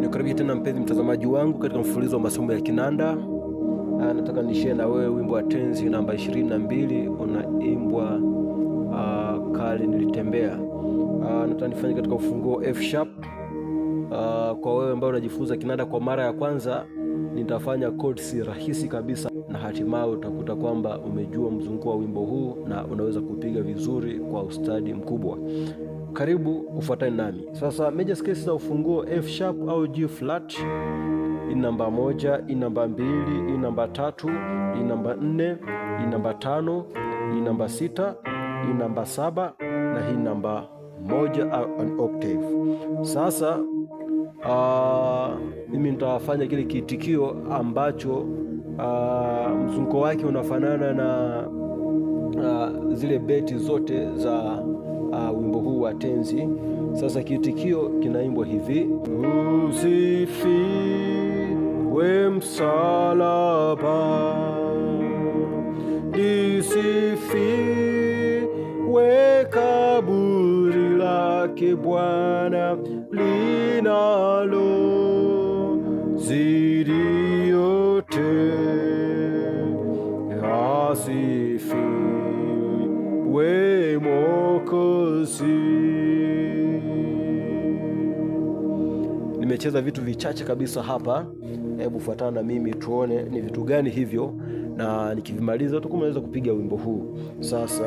Nikaribia tena mpenzi mtazamaji wangu katika mfululizo wa masomo ya kinanda. Ah, nataka nishie na wewe wimbo wa tenzi namba ishirini na mbili unaimbwa uh, kale nilitembea. Uh, nataka nifanye katika ufunguo F sharp. Uh, kwa wewe ambao unajifunza kinanda kwa mara ya kwanza, nitafanya chords rahisi kabisa na hatimaye utakuta kwamba umejua mzunguko wa wimbo huu na unaweza kupiga vizuri kwa ustadi mkubwa. Karibu ufuatane nami sasa. Major scales za ufunguo F sharp au G flat, ni namba moja, ni namba mbili, ni namba tatu, ni namba nne, ni namba tano, ni namba sita, ni namba saba na hii namba moja au an octave. Sasa uh, mimi nitafanya kile kiitikio ambacho uh, mzunguko wake unafanana na uh, zile beti zote za huu wa tenzi. Sasa kiitikio kinaimbwa hivi: msifiwe msalaba, lisifiwe kaburi lake Bwana linalo zidi yote, asifiwe Nimecheza vitu vichache kabisa hapa, hebu fuatana na mimi tuone ni vitu gani hivyo, na nikivimaliza tuku naweza kupiga wimbo huu sasa.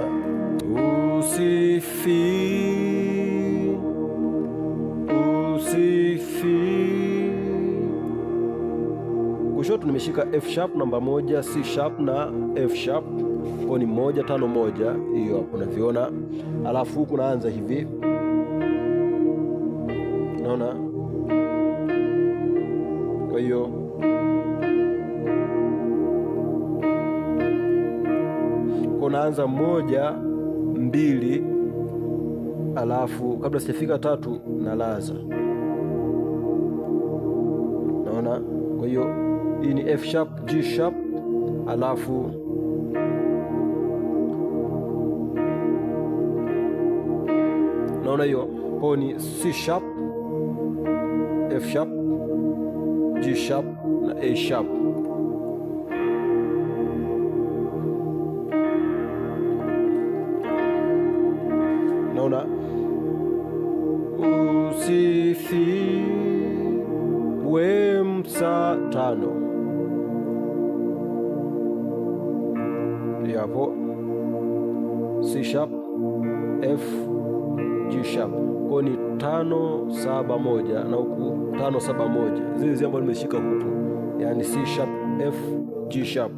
Usifi, usifi. Kushoto nimeshika F sharp namba moja, C sharp na F sharp kwa ni moja tano moja, hiyo hapo unaviona. Alafu huku naanza hivi, naona. Kwa hiyo kwa naanza moja mbili, alafu kabla sijafika tatu nalaza, naona. Kwa hiyo hii ni F sharp G sharp, alafu unaona hiyo kwao ni C sharp, F sharp, G sharp na A sharp. Naona usithiwe tano yapo C sharp F G sharp. Kwa ni tano saba moja na huku tano saba moja zile zile ambazo nimeshika huku, yani C sharp, F, G sharp.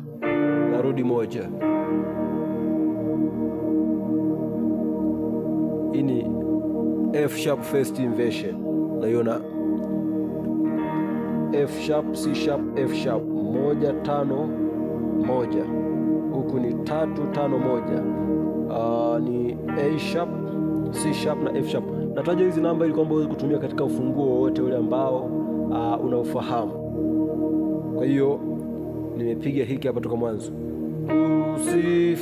na rudi moja, hii ni F sharp first inversion, naiona F sharp, C sharp, F sharp moja tano moja, huku ni tatu tano moja. Uh, ni A sharp C sharp na F sharp. Nataja hizi namba ili kwamba uweze kutumia katika ufunguo wowote ule ambao uh, unaufahamu. Kwa hiyo nimepiga hiki hapa toka mwanzo. Usifiwe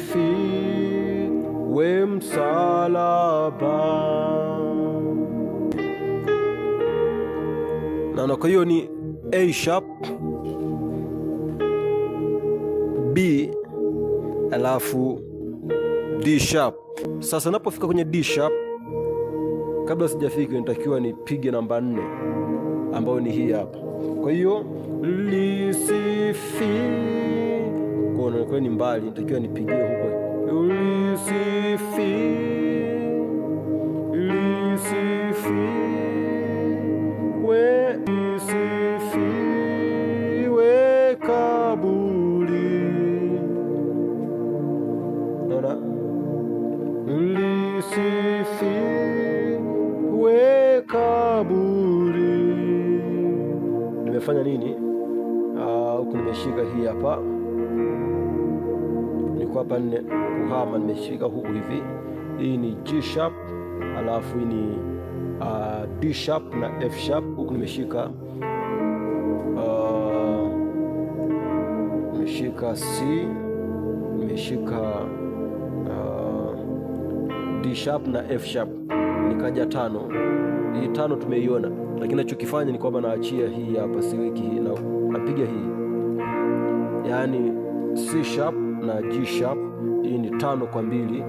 msalaba. Naona, kwa hiyo ni A sharp B alafu D sharp. Sasa napofika kwenye D sharp, kabla sijafika nitakiwa nipige namba nne ambayo ni hii hapa. Kwa hiyo lisifi kwa ni mbali, nitakiwa nipigie huko lisifi nimefanya nini ah, huku. Uh, nimeshika hii hapa, niko hapa nne kuhama, nimeshika huku hivi. Hii ni G sharp, alafu hii ni uh, ah, D sharp na F sharp. Huku nimeshika uh, nimeshika C, nimeshika uh, D sharp na F sharp, nikaja tano hii tano tumeiona, lakini nachokifanya ni kwamba naachia hii hapa, siweki hii, na napiga hii, yaani C sharp na G sharp. Hii ni tano kwa mbili,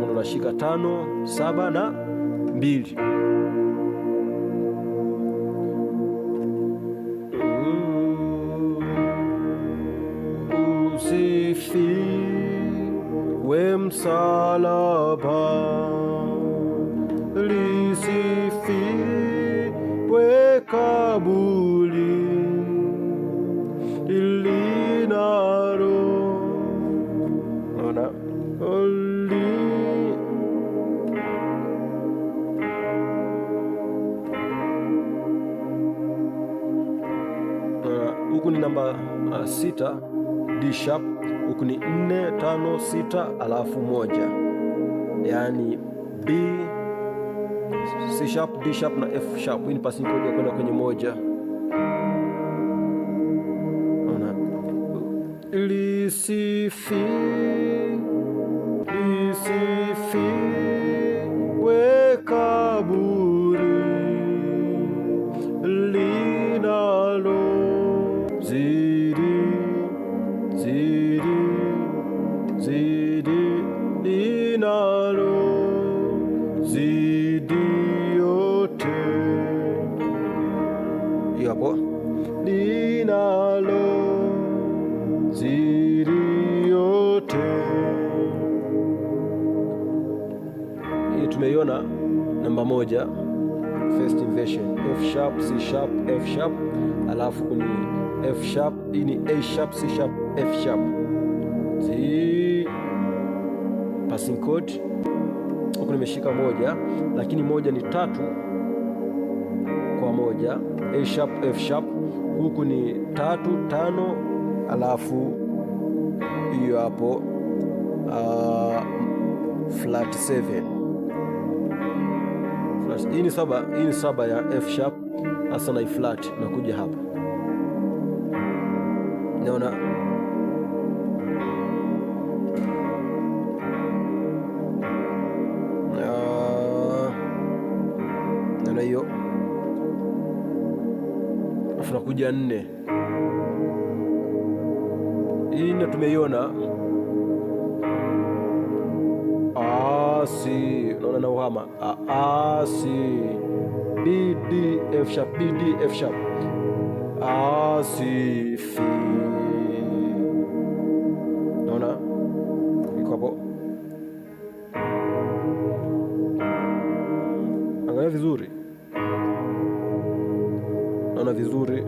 huko tano saba na mbili Usifiwe msalaba namba uh, sita D sharp huku ni nne tano sita alafu moja, yaani B C sharp D sharp na F sharp. Hii ni passing chord ya kwenda kwenye moja. fi lisifi lisifi tumeiona namba moja first inversion F sharp C sharp F sharp, alafu kuni F sharp, hii ni A sharp C sharp F sharp. Zi passing chord huku nimeshika moja, lakini moja ni tatu kwa moja A sharp F sharp, huku ni tatu tano, alafu hiyo hapo uh, flat 7 flat. Hii ni saba, hii ni saba ya F sharp hasa na e flat na kuja hapa. Naona ah, naona hiyo afu nakuja nne. Hii tumeiona. Ah, uhama A, A, C, B, D, F sharp, B, D, F sharp. A, C, F. Naona iko hapo, angalia vizuri, naona vizuri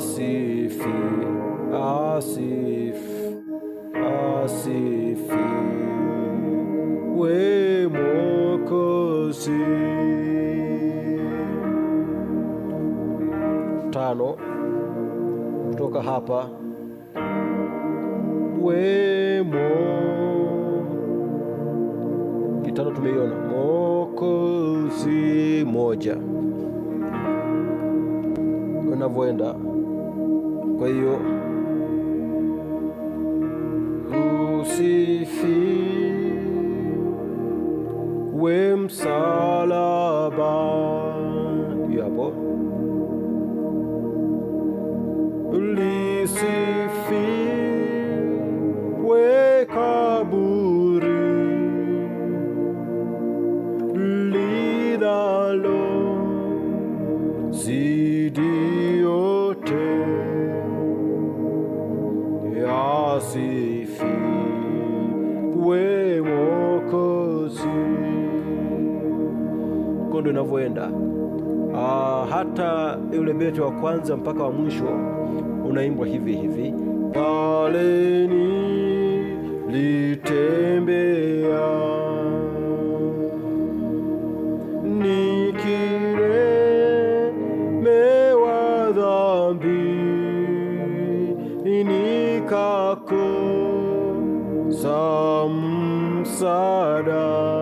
see asif asifi we Mwokozi. Tano, kutoka hapa we mo kitano tumeiona Mwokozi moja unavyoenda, kwa hiyo Ou si fi, we msalaban, li si fi, we kabou. muda unavyoenda. Ah, hata yule beti wa kwanza mpaka wa mwisho unaimbwa hivi hivi, baleni litembea nikiremewa dhambi nikakosa msaada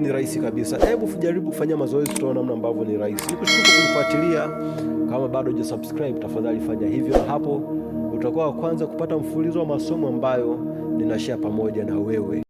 ni rahisi kabisa. Hebu jaribu kufanya mazoezi, tutaona namna ambavyo ni rahisi. Nikushukuru kunifuatilia. Kama bado subscribe, tafadhali fanya hivyo, na hapo utakuwa wa kwanza kupata mfululizo wa masomo ambayo ninashare pamoja na wewe.